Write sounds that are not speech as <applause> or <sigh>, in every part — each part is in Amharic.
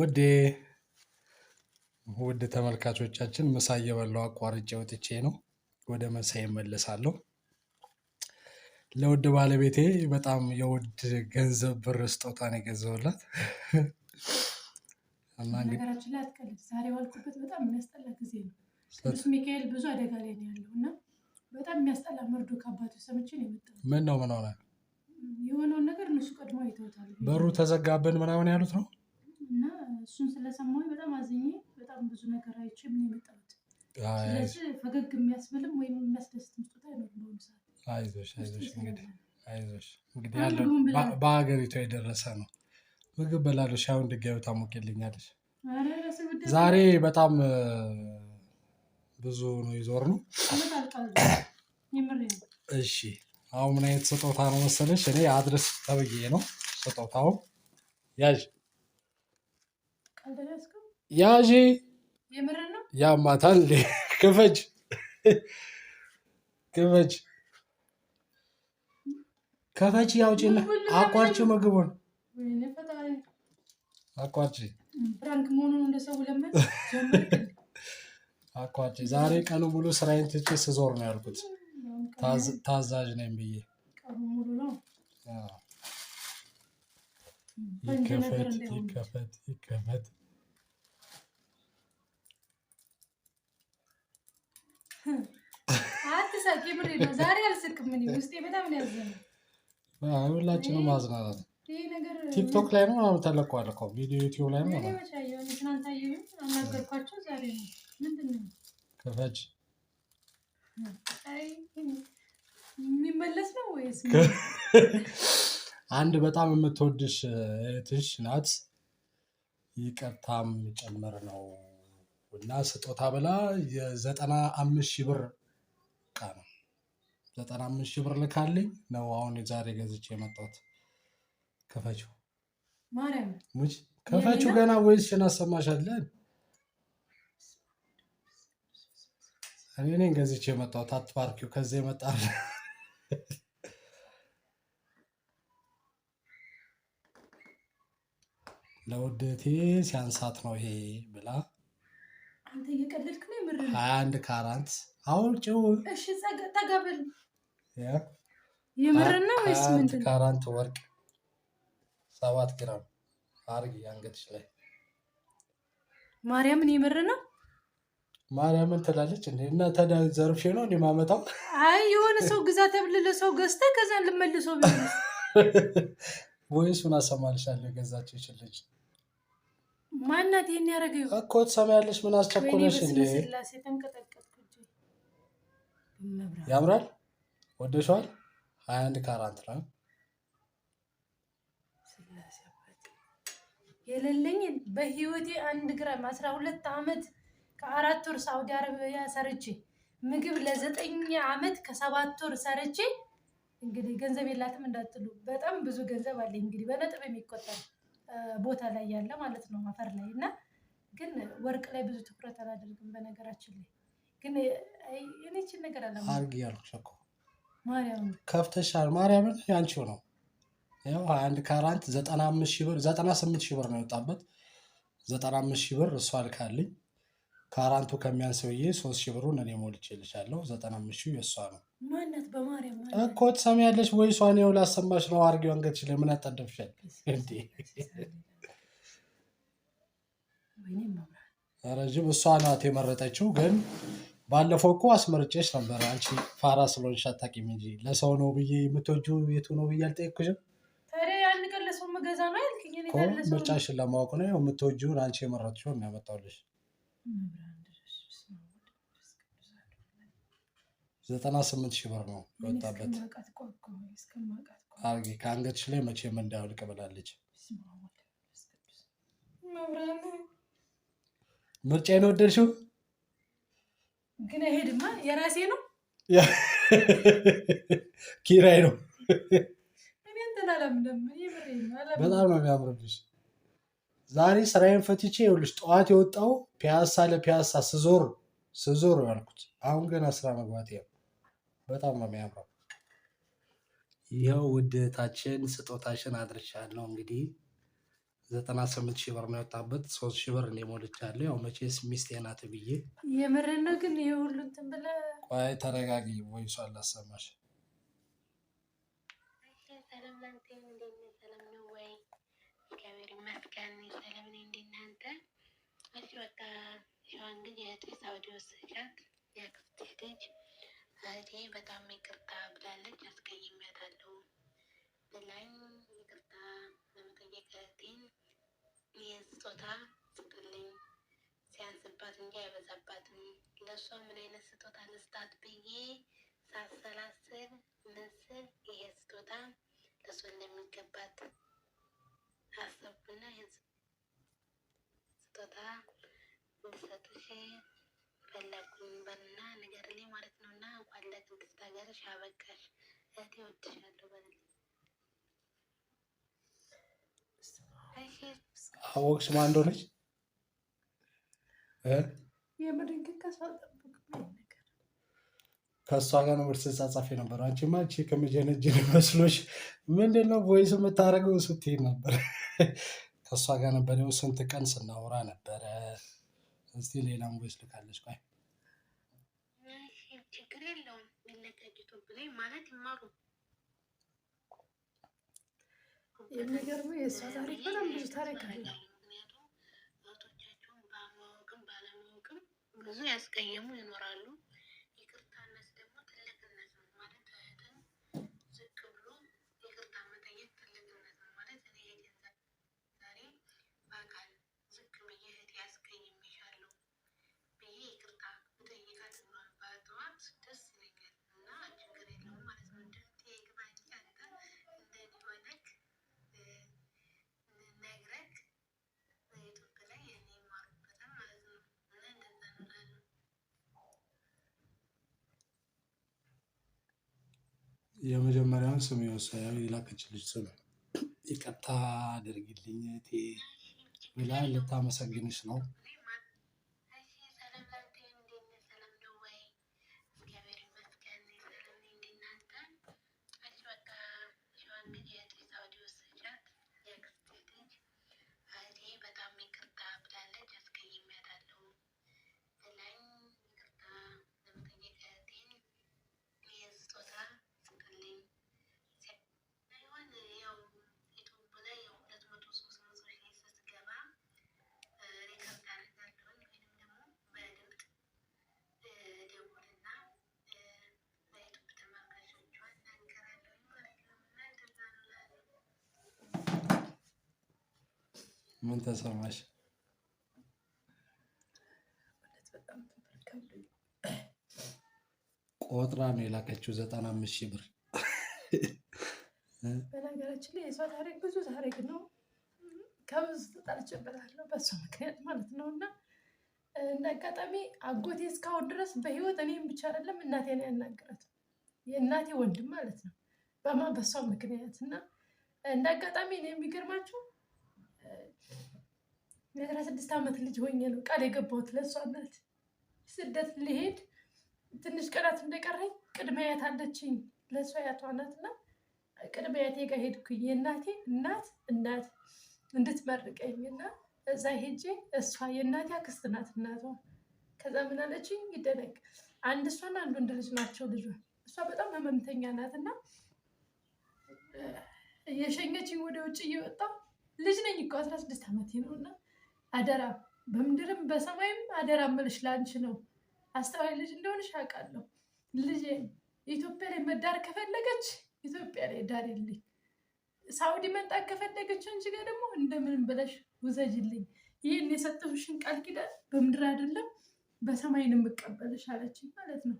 ወዴ ውድ ተመልካቾቻችን ምሳ እየበላሁ አቋርጬ ወጥቼ ነው። ወደ ምሳ እመለሳለሁ። ለውድ ባለቤቴ በጣም የውድ ገንዘብ ብር ስጦታ ነው የገዛሁላት። ነገራችን ላይ አትቀልድ። ዛሬ ዋልኩበት በጣም የሚያስጠላ ጊዜ ነው። ቅዱስ ሚካኤል ብዙ አደጋ ላይ ነው ያለው እና በጣም የሚያስጠላ መርዶ ከአባቱ ሰምቼ ነው የመጣሁት። ምን ነው ምን ሆነ? የሆነውን ነገር እነሱ ቀድሞ አይተውታል። በሩ ተዘጋብን ምናምን ያሉት ነው እና እሱን ስለሰማሁኝ በጣም አዝኜ በጣም ብዙ ነገር አይቼ ምን የመጣሁት ስለዚህ ፈገግ የሚያስብልም ወይም የሚያስደስት ምስጦታ አይነት በሆኑ ሰዓት አይዞሽ አይዞሽ እንግዲህ አይዞሽ እንግዲህ ያለው በሀገሪቷ የደረሰ ነው። ምግብ በላለሁ ሻዩን ድጋሚ ታሞቅልኛለች። ዛሬ በጣም ብዙ ነው ይዞር ነው። እሺ አሁን ምን አይነት ስጦታ ነው መሰለሽ? እኔ አድረስ ተብዬ ነው ስጦታው ያዥ ያዢ ያማታል። ክፈጅ ክፈጅ ከፈች ያውጪ አቋርጭ ምግቡን አቋርጭ አቋርጭ። <laughs> ዛሬ ቀኑ ሙሉ ስራዬን ትቼ ስዞር ነው ያልኩት። ታዛዥ ነኝ ብዬ ይከፈት ይከፈት ይከፈት። አትሳቂ። ምን ነው ዛሬ አልስቅም። ምን ውስጤ በጣም ነው ያዘነው። ሁላችንም ማዝናናት ቲክቶክ ላይ ነው ምናምን ተለቋል እኮ ቪዲዮ ዩቲዩብ ላይ ነው። ነው ከፈች የሚመለስ ነው ወይስ አንድ በጣም የምትወድሽ እህትሽ ናት። ይቅርታም ጭምር ነው እና ስጦታ ብላ የዘጠና አምስት ሺህ ብር ዕቃ ነው። ዘጠና አምስት ሺህ ብር ልካልኝ ነው አሁን የዛሬ ገዝቼ የመጣሁት። ከፈችው ከፈችው ገና ወይስ እናሰማሻለን? እኔ ገዝቼ የመጣሁት አትባርኪው ከዚህ የመጣ ለውዴቴ ሲያንሳት ነው ይሄ ብላ ሀያ አንድ ካራንት አውጭው ካራንት ወርቅ ሰባት ግራም አርግ አንገትሽ ላይ ማርያምን የምር ነው። ማርያምን ትላለች እንዴ? እና ተዳ ዘርፌ ነው እንዴ ማመጣው? አይ የሆነ ሰው ግዛ ተብል ለሰው ገዝተ ከዛ ልመልሰው ቢሆን ወይስ ምን አሰማልሻለሁ የገዛችው ይችለች ማናት ይሄን ያደረገው እኮ ትሰማያለሽ? ምን አስቸኮለሽ እንዴ? ያምራል። ወደሽዋል። ሀያ አንድ ካራት ነው የሌለኝ በህይወቴ አንድ ግራም አስራ ሁለት አመት ከአራት ወር ሳውዲ አረቢያ ሰርቼ ምግብ ለዘጠኝ አመት ከሰባት ወር ሰርቼ እንግዲህ ገንዘብ የላትም እንዳትሉ፣ በጣም ብዙ ገንዘብ አለኝ እንግዲህ በነጥብ የሚቆጠር ቦታ ላይ ያለ ማለት ነው አፈር ላይ እና ግን ወርቅ ላይ ብዙ ትኩረት አላደርግም። በነገራችን ላይ ግን እኔችን ነገር አለ አርግ ያልኩሽ እኮ ከፍተሻል። ማርያምን ያንቺው ነው ያው አንድ ካራንት ዘጠና አምስት ሺህ ብር ዘጠና ስምንት ሺህ ብር ነው የወጣበት። ዘጠና አምስት ሺህ ብር እሷ አልካልኝ ካራንቱ ከሚያንስ ብዬ ሶስት ሺህ ብሩን እኔ ሞልቼልሻለሁ። ዘጠና አምስት ሺህ የእሷ ነው። እኮ ትሰሚያለሽ ወይ? ሷን ያው ላሰማሽ ነው። አድርጌው አንገትሽ ለምን አጣደፍሻል እንዴ? ረዥም እሷ ናት የመረጠችው። ግን ባለፈው እኮ አስመርጬሽ ነበር። አንቺ ፋራ ስለሆንሽ አታውቂም እንጂ ለሰው ነው ብዬ የምትወጂው የቱ ነው ብዬ አልጠየኩሽም። ምርጫሽን ለማወቅ ነው። የምትወጂውን አንቺ የመረጥሽውን ያመጣሁልሽ ዘጠና ስምንት ሺህ ብር ነው የወጣበት። አርጌ ከአንገትሽ ላይ መቼም እንዳይወልቅ ብላለች። ምርጫዬን ወደድሽው? ግን አይሄድማ የራሴ ነው <laughs> ኪራይ ነው። በጣም ነው የሚያምርብሽ። ዛሬ ስራዬን ፈትቼ ይኸውልሽ፣ ጠዋት የወጣው ፒያሳ ለፒያሳ ስዞር ስዞር ያልኩት አሁን ገና ስራ መግባት ያው በጣም ነው የሚያምረው። ይኸው ውድታችን ስጦታችን ስጦታሽን እንግዲህ ዘጠና ስምንት ሺህ ብር ነው የወጣበት። ሶስት ሺህ ብር እኔ ሞልቻለሁ። ያው መቼስ ሚስቴ ናት ብዬ የምር ነው። ግን ይሄ ሁሉ እንትን ብለህ ቆይ ተረጋጊ። ወይሱ አላሰማሽ ሰላም እህቴ በጣም ይቅርታ ብላለች፣ አስቀይሜያታለሁ ብላኝ ይቅርታ ለመጠየቅ እህቴን የስጦታ ስጥልኝ ሲያንስባት እንጂ አይበዛባትም። ለእሷ ምን አይነት ስጦታ ልስጣት ብዬ ሳሰላስል ምስል ይሄ ስጦታ ለእሷ እንደሚገባት አሰብኩና ይህን ስጦታ ልሰጥሽ ፈለጉኝ በልና ንገሪልኝ ማለት ነው። እና እንኳን ለቅድስት ሀገርሽ አበቃሽ እህቴ፣ እወድሻለሁ በልና አወቅሽ ማን እንደሆነች ከእሷ ጋር ነው ስትጻጻፍ የነበረው። አንቺማ አንቺ ከመጀነጅን መስሎሽ ምንድን ነው ቮይስ የምታደርገው ስትሄድ ነበር። ከእሷ ጋር ነበር ስንት ቀን ስናወራ ነበረ። እስቲ ሌላ ሞባይል ልካለች። ቆይ ችግር የለውም ማለት ይማሩ። የሚገርመው የእሷ ታሪክ በጣም ብዙ ታሪክ አለ። ምክንያቱም አባቶቻቸውን በማወቅም ባለማወቅም ብዙ ያስቀየሙ ይኖራሉ። የመጀመሪያውን ስም የወሰደው ልጅ ስም ይቅርታ አድርጊልኝ እቴ ብላ ልታመሰግንሽ ነው። ምን ተሰማሽ? ቆጥራ ነው የላከችው ዘጠና አምስት ሺህ ብር። በነገራችን ላይ የሷ ታሪክ ብዙ ታሪክ ነው። ከብዙ ተጣልቼበታለሁ በእሷ ምክንያት ማለት ነው። እና እንደ አጋጣሚ አጎቴ እስካሁን ድረስ በህይወት እኔም ብቻ አይደለም እናቴን ያናገራት የእናቴ ወንድም ማለት ነው በማ በእሷ ምክንያት እና እንደ አጋጣሚ ነው የሚገርማችሁ የአስራ ስድስት ዓመት ልጅ ሆኜ ነው ቃል የገባሁት ለእሷ እናት። ስደት ሊሄድ ትንሽ ቀናት እንደቀረኝ ቅድመ አያት አለችኝ፣ ለእሷ አያቷ ናት እና ቅድመ አያቴ ጋር ሄድኩኝ። የእናቴ እናት እናት እንድትመርቀኝ እና እዛ ሄጄ እሷ የእናቴ አክስት ናት እናቷ። ከዛ ምን አለችኝ ይደረግ አንድ እሷና አንድ ወንድ ልጅ ናቸው ልጇ። እሷ በጣም ህመምተኛ ናት እና የሸኘችኝ ወደ ውጭ እየወጣ ልጅ ነኝ እኮ አስራ ስድስት ዓመቴ ነው እና አደራ በምድርም በሰማይም አደራ እምልሽ ላንች ነው። አስተዋይ ልጅ እንደሆንሽ አውቃለሁ። ልጄ ኢትዮጵያ ላይ መዳር ከፈለገች ኢትዮጵያ ላይ ዳሪልኝ። ሳውዲ መጣ ከፈለገች አንቺ ጋር ደግሞ እንደምንም ብለሽ ውሰጅልኝ። ይህን የሰጠሁሽን ቃል ኪዳን በምድር አይደለም በሰማይን የምቀበልሽ አለች ማለት ነው።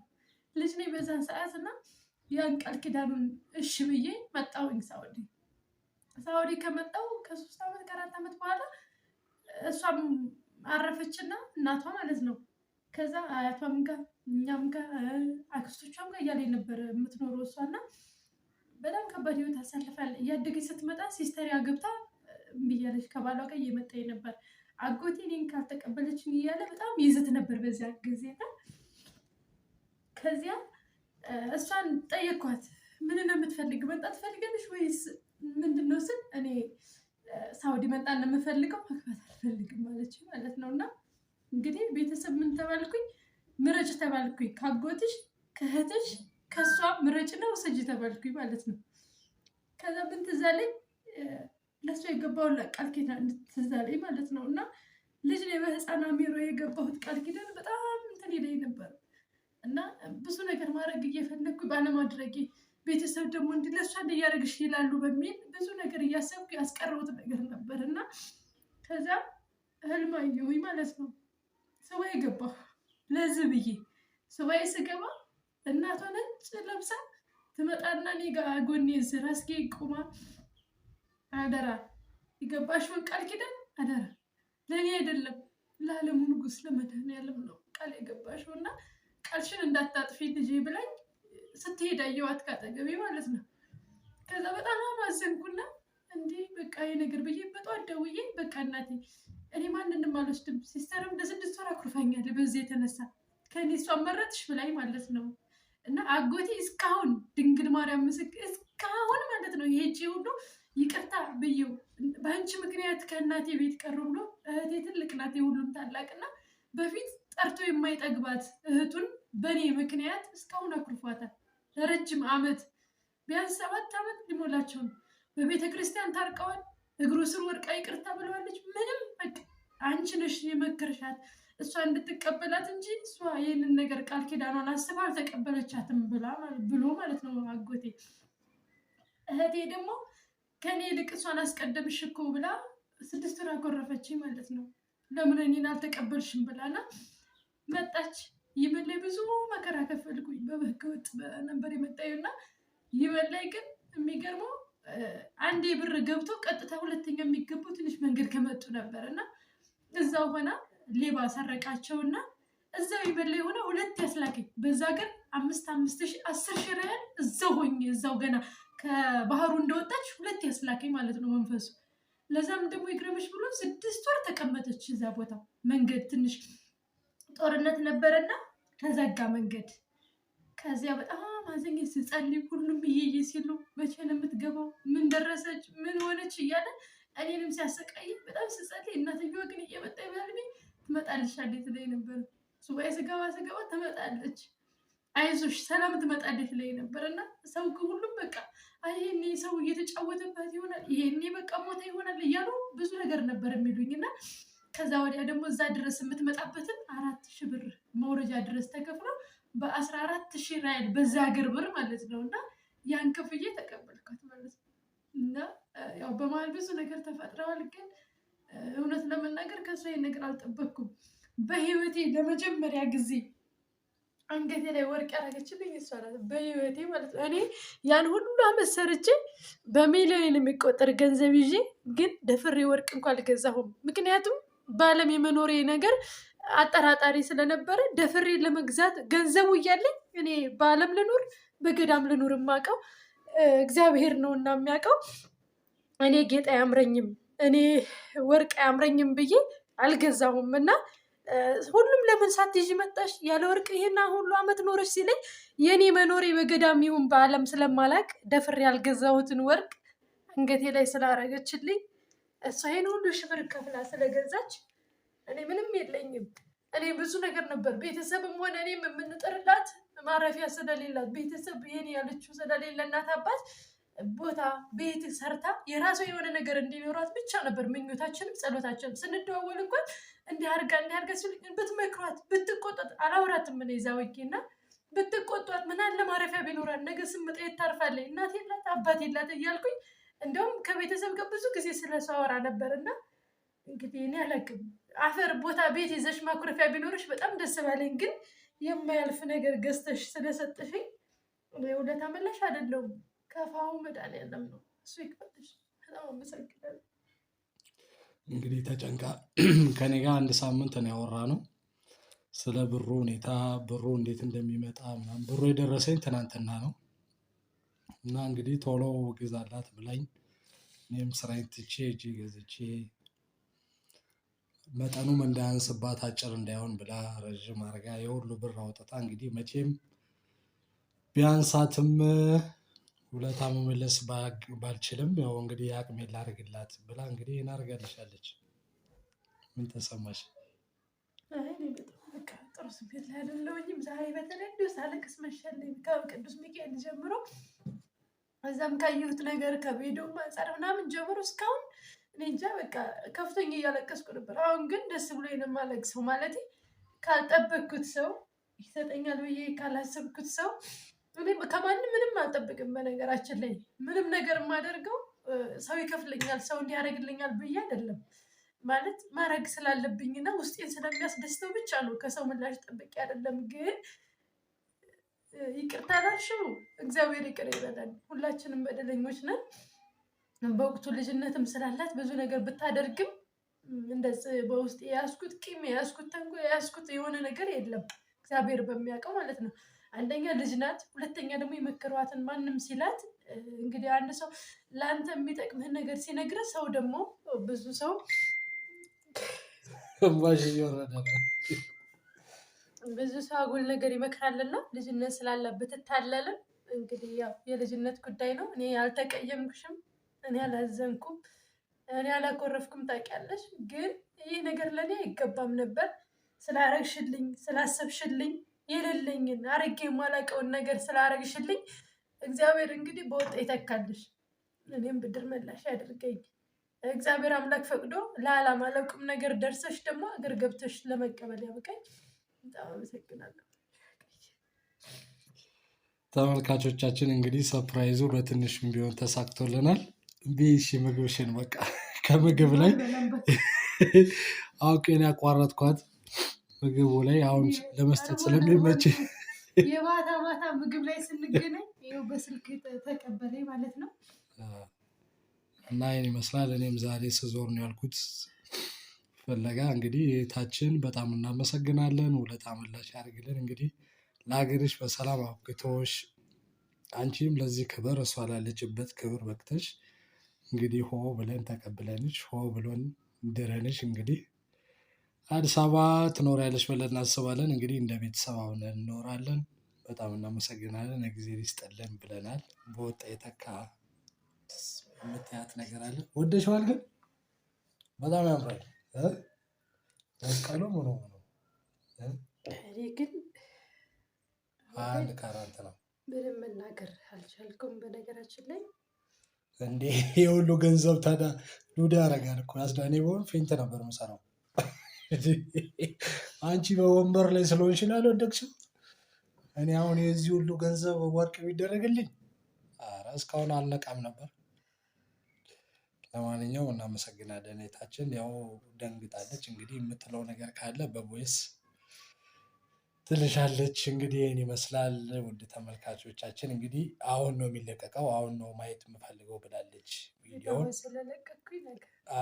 ልጅ ላይ በዛን ሰዓት እና ያን ቃል ኪዳኑን እሺ ብዬ መጣሁኝ ሳውዲ። ሳውዲ ከመጣሁ ከሶስት ዓመት ከአራት ዓመት በኋላ እሷም አረፈችና እናቷ ማለት ነው። ከዛ አያቷም ጋር እኛም ጋር አክስቶቿም ጋር እያለ ነበር የምትኖረው እሷ እና በጣም ከባድ ህይወት አሳልፋለች። እያደገች ስትመጣ ሲስተር ያገብታ ብያለች ከባሏ ጋር እየመጣ ነበር። አጎቴ እኔን ካልተቀበለች እያለ በጣም ይዘት ነበር በዚያ ጊዜ እና ከዚያ እሷን ጠየኳት። ምን ነው የምትፈልግ መጣ ትፈልገልሽ ወይስ ምንድን ነው ስል እኔ ሳውዲ መጣ ነው የምፈልገው መግባት አልፈልግም ማለች ማለት ነው። እና እንግዲህ ቤተሰብ ምን ተባልኩኝ? ምረጭ ተባልኩኝ። ካጎትሽ ከእህትሽ ከእሷ ምረጭ ነው ውሰጂ ተባልኩኝ ማለት ነው። ከዛ ምን ትዝ አለኝ ለእሷ የገባውን ቃል ኪዳን ትዝ አለኝ ማለት ነው። እና ልጅ ላይ በህፃና ሚሮ የገባሁት ቃል ኪዳን በጣም እንትን ይለኝ ነበር እና ብዙ ነገር ማድረግ እየፈለግኩ ባለማድረጌ ቤተሰብ ደግሞ እንዲለሷ እንዲያደርግሽ ይላሉ በሚል ብዙ ነገር እያሰብኩ ያስቀረውት ነገር ነበር እና ከዛ ህልም አየሁኝ ማለት ነው። ሱባኤ ገባሁ ለዚህ ብዬ ሱባኤ ስገባ እናቷ ነጭ ለብሳ ትመጣና እኔ ጋ ጎኔ እዚህ ራስጌ ቁማ አደራ የገባሽውን ቃል ኪዳን አደራ ለእኔ አይደለም ለዓለሙ ንጉሥ ለመድኃኒዓለም ነው ቃል የገባሽው እና ቃልሽን እንዳታጥፊ ልጄ ብላኝ ስትሄድ አየኋት ካጠገቤ ማለት ነው። ከዛ በጣም አማዘንኩና እንዴ በቃ ይሄ ነገር ብዬ በጧት ደውዬ በቃ እናቴ እኔ ማንንም አልወስድም፣ ሲስተርም ለስድስት ወር አኩርፋኛል። በዚህ የተነሳ ከእኔ እሷ መረጥሽ ብላኝ ማለት ነው። እና አጎቴ እስካሁን ድንግል ማርያም ምስክ እስካሁን ማለት ነው ይሄ ሁሉ ይቅርታ ብዬው በአንቺ ምክንያት ከእናቴ ቤት ቀሩ ብሎ እህቴ ትልቅ ናት የሁሉም ታላቅና በፊት ጠርቶ የማይጠግባት እህቱን በእኔ ምክንያት እስካሁን አኩርፏታል ለረጅም አመት ቢያንስ ሰባት አመት ሊሞላቸው ነው። በቤተ ክርስቲያን ታርቀዋል። እግሩ ስር ወድቃ ይቅርታ ብለዋለች። ምንም በቃ አንቺ ነሽ የመከርሻት እሷ እንድትቀበላት እንጂ እሷ ይህንን ነገር ቃል ኪዳኗን አስባ አልተቀበለቻትም ብላ ብሎ ማለት ነው አጎቴ። እህቴ ደግሞ ከኔ ይልቅ እሷን አስቀደምሽ እኮ ብላ ስድስት ወር አጎረፈችኝ ማለት ነው። ለምን እኔን አልተቀበልሽም ብላና መጣች። ይበል ብዙ መከራ ከፈልኩኝ። በህገወጥ ነበር የመጣዩና ይበል ግን የሚገርመው አንዴ ብር ገብቶ ቀጥታ ሁለተኛ የሚገቡ ትንሽ መንገድ ከመጡ ነበር እና እዛው ሆና ሌባ እና እዛው ይበላ የሆነ ሁለት ያስላከኝ በዛ ግን አምስት አምስት ሺ አስር ሺ ሪያል እዛው ሆኜ እዛው ገና ከባህሩ እንደወጣች ሁለት ያስላከኝ ማለት ነው መንፈሱ። ለዛም ደግሞ ይግረመች ብሎ ስድስት ወር ተቀመጠች እዛ ቦታ። መንገድ ትንሽ ጦርነት ነበረና ተዘጋ መንገድ ከዚያ በጣም አዘኝ ስጸልይ ሁሉም እየየ ሲሉ መቼ ነው የምትገባው? ምን ደረሰች? ምን ሆነች? እያለ እኔንም ሲያሰቃይ በጣም ስጸልይ፣ እናትየዋ ግን እየመጣ ትመጣለች ትመጣልሻለች ትለኝ ነበር። ሱባኤ ስገባ ስገባ ትመጣለች፣ አይዞሽ ሰላም ትመጣለች ትለኝ ነበር። እና ሰው ሁሉም በቃ ይሄኔ ሰው እየተጫወተባት ይሆናል፣ ይሄኔ በቃ ሞታ ይሆናል እያሉ ብዙ ነገር ነበር የሚሉኝ እና ከዛ ወዲያ ደግሞ እዛ ድረስ የምትመጣበትን አራት ሺህ ብር መውረጃ ድረስ ተከፍሎ በአስራ አራት ሺህ በዛ ሀገር ብር ማለት ነው። እና ያን ክፍዬ ተቀበልኳት ማለት ነው። እና ያው በመሀል ብዙ ነገር ተፈጥረዋል። ግን እውነት ለመናገር ከእሷ ይሄን ነገር አልጠበቅኩም። በህይወቴ ለመጀመሪያ ጊዜ አንገቴ ላይ ወርቅ ያደረገችልኝ እሷ ናት። በህይወቴ ማለት ነው። እኔ ያን ሁሉ አመት ሰርቼ በሚሊዮን የሚቆጠር ገንዘብ ይዤ ግን ደፍሬ ወርቅ እንኳ አልገዛሁም። ምክንያቱም በዓለም የመኖሬ ነገር አጠራጣሪ ስለነበረ ደፍሬ ለመግዛት ገንዘቡ እያለኝ እኔ በአለም ልኑር በገዳም ልኑር የማውቀው እግዚአብሔር ነው እና የሚያውቀው። እኔ ጌጥ አያምረኝም፣ እኔ ወርቅ አያምረኝም ብዬ አልገዛሁም እና ሁሉም ለምን ሳትይዥ መጣሽ ያለ ወርቅ ይሄና ሁሉ አመት ኖረች ሲለኝ የእኔ መኖሬ በገዳም ይሁን በአለም ስለማላቅ ደፍሬ ያልገዛሁትን ወርቅ አንገቴ ላይ ስላረገችልኝ እሷ ይህን ሁሉ ሽብር ከፍላ ስለገዛች እኔ ምንም የለኝም። እኔ ብዙ ነገር ነበር ቤተሰብም ሆነ እኔም የምንጥርላት ማረፊያ ስለሌላት ቤተሰብ ይሄን ያለችው ስለሌለ እናት አባት ቦታ ቤት ሰርታ የራሷ የሆነ ነገር እንዲኖራት ብቻ ነበር ምኞታችንም ጸሎታችንም። ስንደዋወል እንኳን እንዲያርጋ እንዲያርጋ እንዲህ ብትመክሯት ብትቆጧት፣ አላውራትም ምን እዛ ወጌ ብትቆጧት፣ ምን አለ ማረፊያ ቢኖራት ነገ ስምጣ የታርፋለኝ እናት የላት አባት የላት እያልኩኝ እንደውም ከቤተሰብ ጋር ብዙ ጊዜ ስለሷ አወራ ነበር እና እንግዲህ እኔ አላውቅም። አፈር ቦታ ቤት ይዘሽ ማኩረፊያ ቢኖርሽ በጣም ደስ ባለኝ፣ ግን የማያልፍ ነገር ገዝተሽ ስለሰጥሽኝ ውለታ መላሽ አይደለሁም። ከፋው ያለም ነው እሱ ይክፈልሽ። በጣም አመሰግናለሁ። እንግዲህ ተጨንቃ ከኔ ጋር አንድ ሳምንት ነው ያወራ ነው ስለ ብሩ ሁኔታ፣ ብሩ እንዴት እንደሚመጣ ምናምን። ብሩ የደረሰኝ ትናንትና ነው እና እንግዲህ ቶሎ ግዛላት ብላኝ እኔም ስራዬን ትቼ እጄ ገዝቼ መጠኑም እንዳያንስባት አጭር እንዳይሆን ብላ ረዥም አርጋ የሁሉ ብር አውጥታ እንግዲህ መቼም ቢያንሳትም ውለታ መመለስ ባልችልም ያው እንግዲህ የአቅሜ ላደርግላት ብላ እንግዲህ ይህን አድርጋልሻለች። ምን ተሰማሽ? ጥሩ ስሜት ላይ ዛሬ በተለይ እንዲሁ ሳለቅስ መሸለኝ ከቅዱስ ሚካኤል ጀምሮ እዛም ካየሁት ነገር ከቤዶ አንጻር ምናምን ጀምሮ እስካሁን እኔ እንጃ በቃ ከፍተኛ እያለቀስኩ ነበር። አሁን ግን ደስ ብሎ የማለቅ ሰው ማለት ካልጠበቅኩት ሰው ይሰጠኛል ብዬ ካላሰብኩት ሰው ከማንም ምንም አልጠብቅም። በነገራችን ላይ ምንም ነገር የማደርገው ሰው ይከፍለኛል፣ ሰው እንዲያደርግልኛል ብዬ አይደለም ማለት ማድረግ ስላለብኝና ውስጤን ስለሚያስደስተው ብቻ ነው። ከሰው ምላሽ ጠብቄ አይደለም። ግን ይቅርታ ላልሽው እግዚአብሔር ይቅር ይበላል። ሁላችንም በደለኞች ነን። በወቅቱ ልጅነትም ስላላት ብዙ ነገር ብታደርግም እንደዚህ በውስጥ የያዝኩት ቂም የያዝኩት ተንኮ የያዝኩት የሆነ ነገር የለም። እግዚአብሔር በሚያውቀው ማለት ነው። አንደኛ ልጅ ናት፣ ሁለተኛ ደግሞ የመከሯትን ማንም ሲላት እንግዲህ አንድ ሰው ለአንተ የሚጠቅምህን ነገር ሲነግረ ሰው ደግሞ ብዙ ሰው ብዙ ሰው አጉል ነገር ይመክራልና ልጅነት ስላለ ብትታለልም እንግዲህ ያው የልጅነት ጉዳይ ነው። እኔ አልተቀየምኩሽም። እኔ አላዘንኩም፣ እኔ አላኮረፍኩም። ታውቂያለሽ፣ ግን ይህ ነገር ለእኔ አይገባም ነበር። ስላረግሽልኝ፣ ስላሰብሽልኝ፣ የሌለኝን አረጌ የማላውቀውን ነገር ስላረግሽልኝ እግዚአብሔር እንግዲህ በወጣ ይተካልሽ፣ እኔም ብድር መላሽ ያደርገኝ። እግዚአብሔር አምላክ ፈቅዶ ለዓላማ ለቁም ነገር ደርሰሽ ደግሞ አገር ገብተሽ ለመቀበል ያብቃኝ። በጣም አመሰግናለሁ። ተመልካቾቻችን እንግዲህ ሰፕራይዙ በትንሽም ቢሆን ተሳክቶልናል። ቢሽ ምግብሽን በቃ <laughs> ከምግብ ላይ <laughs> አውቄን ያቋረጥኳት ምግቡ ላይ አሁን ለመስጠት ስለሚመች <laughs> የማታ ማታ ምግብ ላይ ስንገናኝ ይኸው በስልክ ተቀበለ ማለት ነው። እና ይህን ይመስላል። እኔም ዛሬ ስዞር ነው ያልኩት ፈለጋ። እንግዲህ እህታችን በጣም እናመሰግናለን። ሁለት አመላሽ ያደርግልን። እንግዲህ ለሀገርሽ በሰላም አብቅቶሽ አንቺም ለዚህ ክብር እሷ ላለችበት ክብር በቅተሽ እንግዲህ ሆ ብለን ተቀብለንሽ ሆ ብሎን ድረንሽ እንግዲህ አዲስ አበባ ትኖሪያለሽ ብለን እናስባለን። እንግዲህ እንደ ቤተሰብ አብረን እንኖራለን። በጣም እናመሰግናለን። እግዜር ይስጠለን ብለናል። በወጣ የተካ የምታያት ነገር አለ። ወደሸዋል ግን በጣም ያምራል። መስቀሉ ምኑ ምኑ አንድ ካራንት ነው። ምንም መናገር አልቻልኩም በነገራችን ላይ እንዴ የሁሉ <laughs> ገንዘብ ታዲያ ዱዳ ያደርጋል እኮ አስዳኔ በሆን ፌንት ነበር የምሰራው። <laughs> አንቺ በወንበር ላይ ስለሆንሽ ነው አልወደቅሽም። እኔ አሁን የዚህ ሁሉ ገንዘብ ወርቅ ቢደረግልኝ እስካሁን አልነቃም ነበር። ለማንኛውም እናመሰግናለን። እህታችን ያው ደንግጣለች። እንግዲህ የምትለው ነገር ካለ በቦይስ ትልሻለች እንግዲህ ይህን ይመስላል። ውድ ተመልካቾቻችን እንግዲህ አሁን ነው የሚለቀቀው አሁን ነው ማየት የምፈልገው ብላለች።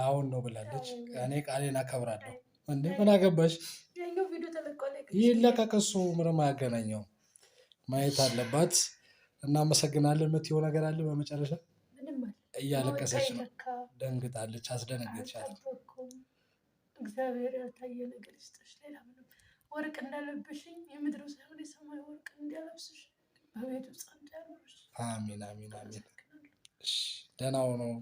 አሁን ነው ብላለች። እኔ ቃሌን አከብራለሁ። እንዴ ምን አገባሽ? ይለቀቅ እሱ ምንም አያገናኘው። ማየት አለባት። እናመሰግናለን። የምትይው ነገር አለ በመጨረሻ? እያለቀሰች ነው። ደንግጣለች። አስደነገጥሻት። እግዚአብሔር ያልታየ ነገር ይስጥሽ። ሌላ ወርቅ እንዳለብሽኝ የምድር ሳይሆን የሰማይ ወርቅ እንዲያለብስሽ በቤቱ ጸንት ያኖርሽ። አሚን አሚን አሚን። ደህና ነው።